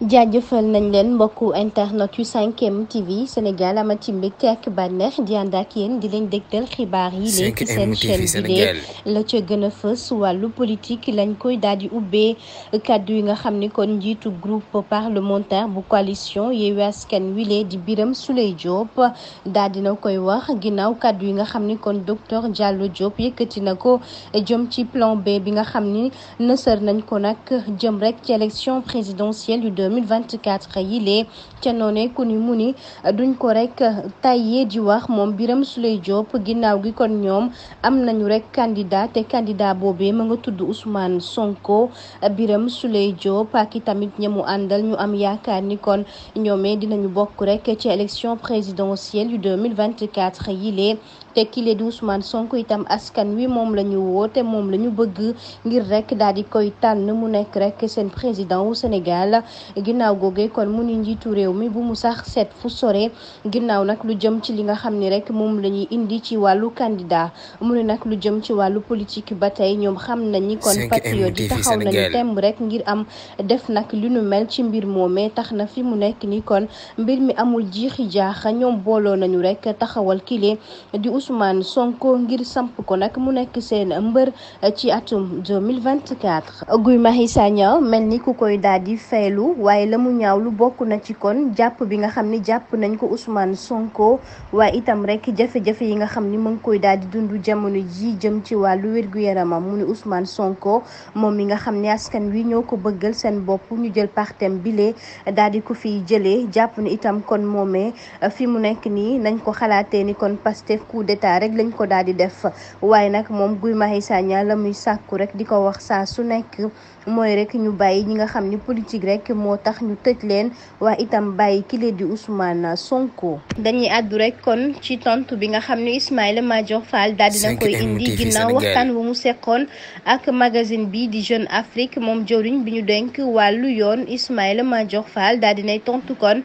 jaajëfal nañ leen mbokku internet yu 5M TV Sénégal amati mbégte ak bànneex di ànd ak yéen di leen dégtal xibaar yi léegi seen chaîne bi la ci gën a fës wàllu politique lañ koy daal di ubbee kàddu yi nga xam ni kon njiitu groupe parlementaire bu coalition Yewwi Askan Wi lee di biram Souleye Diop daal na koy wax ginnaaw kàddu yi nga xam ni kon docteur Diallo Diop yëkkati na ko jëm ci plan B bi nga xam ni nësër nañ ko nag jëm rek ci élection présidentielle 2024 yi lee ca noone ku ni mu ni duñ ko rek tayee di wax moom biram Souleye Diop ginnaaw gi kon ñoom am nañu rek candidat te candidat boobee mu nga tudd Ousmane Sonko biram Souleye Diop ak i tamit ñamu àndal ñu am yaakaar ni kon ñoomee dinañu bokk rek ci élection présidentielle yu 2024 yi lee te kile di Ousmane Sonko itam askan wi moom la ñu woote moom la ñu bëgg ngir rek daal di koy tànn mu nekk rek seen président wu Sénégal ginnaaw googee kon mu ni njiitu réew mi bu mu sax seet fu sore ginnaaw nag lu jëm ci li nga xam ni rek moom lañuy indi ci wàllu candidat mu ne nag lu jëm ci wàllu politique ba tey ñoom xam nañ ni kon patriote yi taxaw nañu temb rek ngir am def nag li nu mel ci mbir moomee tax na fi mu nekk ni kon mbir mi amul jiixi jaaxa ñoom booloo nañu rek taxawal kile di Ousmane Sonko ngir samp ko nag mu nekk seen mbër ci atum 2024 Guy Marius Sagna mel ni ku koy daal di faylu waaye la mu ñaaw lu bokk na ci kon jàpp bi nga xam ni jàpp nañ ko Ousmane Sonko waaye itam rek jafe-jafe yi nga xam ni mu ngi koy daal di dund jamono ji jëm ci wàllu wér-gu-yaramam mu ni Ousmane Sonko moom mi nga xam ni askan wi ñoo ko bëggal seen bopp ñu jël partem bile daal di ko fiy jëlee jàpp ni itam kon moomee eh, fi mu nekk nii nañ ko xalaatee ni kon Pastef coup d'état rek lañ ko daal di def waaye nag moom Guy Marius Sagna la muy sàkku rek di ko wax saa su nekk rek ñu bàyyi ñi nga xam ni politique rek moo moo tax ñu tëj leen waaye itam bàyyi kile di Ousmane Sonko. dañuy àddu rek kon ci tontu bi nga xam ne Ismaïla Madior Fall daal dina koy indi ginnaaw waxtaan wu mu sekkoon ak magazine bi di Jeune Afrique moom jëwriñ bi ñu denk wàllu yoon Ismaïla Madior Fall daal nay tontu kon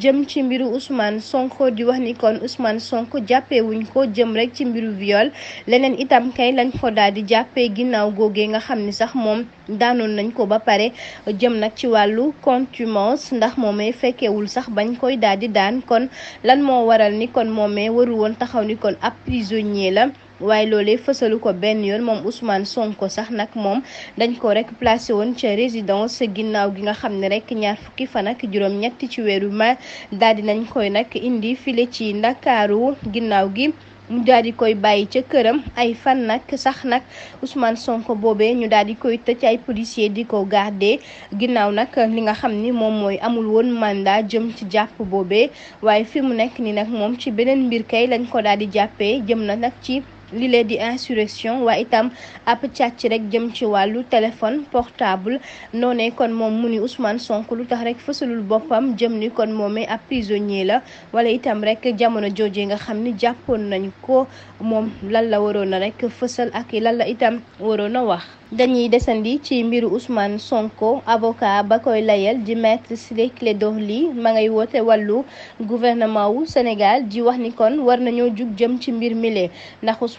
jëm ci mbiru usmaan Sonko di wax ni kon Ousmane Sonko jàppee wuñ ko jëm rek ci mbiru viol leneen itam kay lañ ko daal di jàppee ginnaaw googee nga xam ni sax moom. daanoon nañ ko ba pare jëm nag ci wàllu contumace ndax moomee fekkewul sax bañ koy daal di daan kon lan moo waral ni kon moomee waru woon taxaw ni kon ab prisonnier la waaye loolee fësalu ko benn yoon moom Ousmane ko sax nag moom dañ ko rek placé woon ca résidence ginnaaw gi nga xam ne rek ñaar fukki fan ak juróom ñetti ci weeru ma daal di nañ koy nag indi file ci ndakaaru ginnaaw gi mu daal di koy bàyyi ca këram ay fan nag sax nag Ousmane sonk boobee ñu daal di koy tëj ay policier di ko garder ginnaaw nag li nga xam ni moom mooy amul woon mandat jëm ci jàpp boobee waaye fi mu nekk ni nag moom ci beneen mbir kay lañ ko daal di jàppee jëm na nag ci li lee di insurrection waa itam ab ci rek jëm ci wàllu téléphone portable noonee kon moom mu ni Ousmane Sonko lu tax rek fësalul boppam jëm ni kon moomee ab prisonnier la wala itam rek jamono joojee nga xam ni jàppoon nañ ko moom lan la waroon na rek fësal ak lan la itam waroon a wax dañuy desandi ci mbiru Ousmane Sonko aboka ba koy layal di maître Ciré Clédor ma ngay woote wallu gouvernement wu Sénégal di wax ni kon war nañoo jug jëm ci mbir mile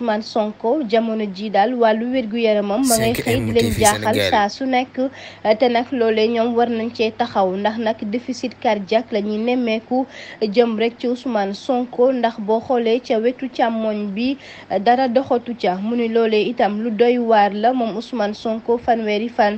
Ousmane Sonko jamono ji daal wàllu wér-gu-yaramam ma ngay xëy di leen jaaxal saa su nekk te nag loolee ñoom war nañ cee taxaw ndax nag déficit cardiaque la ñuy nemmeeku jëm rek ci Ousmane Sonko ndax boo xoolee ca wetu càmmoñ bi dara doxatu ca mu ni loolee itam lu doy waar la moom Ousmane Sonko fanweeri fan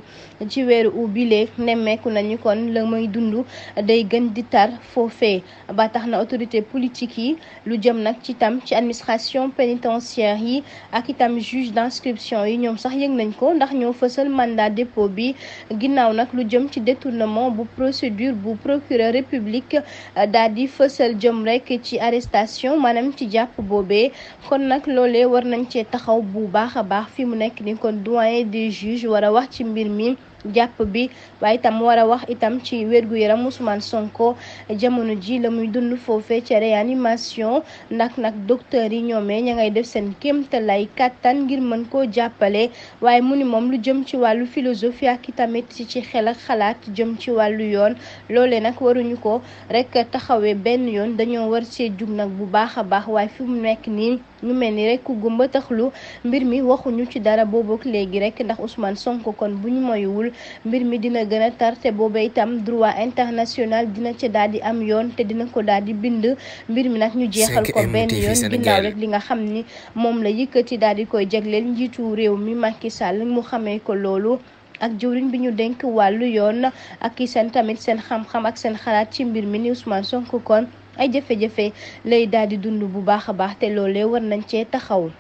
ci weeru u bile nemmeeku nañu kon la muy dund day gën di tar foofee ba na autorité politique yi lu jëm nag ci tam ci administration pénitentiaire fonctionnaires yi ak itam juge d'instruction yi ñoom sax yëg nañ ko ndax ñoo fësal mandat dépôt bi ginnaaw nag lu jëm ci détournement bu procédure bu procureur république euh, daal di fësal jëm rek ci arrestation manam ci jàpp boobee kon nag loolee war nañ cee taxaw bu baax a baax fi mu nekk ni kon doyen des juges war a wax ci mbir mi jàpp bi waaye itam war a wax itam ci wér-gu-yaram Ousmane Sonko jamono ji la muy dund foofe ca réanimation ndax nag docteur yi ñoomee ña ngay def seen kéemtalaay kàttan ngir mën koo jàppale waaye mu ni moom lu jëm ci wàllu philosophie ak tamit ci xel ak xalaat jëm ci wàllu yoon loole nag waruñu ko rek taxawee benn yoon dañoo war see jug nag bu baax a baax waaye fi mu nekk nii ñu mel ni rek ku gumba taxlu mbir mi waxuñu ci dara boobook léegi rek ndax Ousmane sonk kon bu ñu moyuwul mbir mi dina gën a tar te booba itam droit international dina ci daal di am yoon te dina ko daal di bind mbir mi nag ñu jeexal ko benn yoon ginnaaw li nga xam ni moom la yëkkati daal di koy jagleel njiitu réew mi Macky Sall mu xamee ko loolu ak jëwriñ bi ñu denk wàllu yoon ak i seen tamit seen xam-xam ak seen xalaat ci mbir mi ni Ousmane Sonko kon ay jafe-jafe lay daal di dund bu baax a baax te loolee war nañ cee taxawul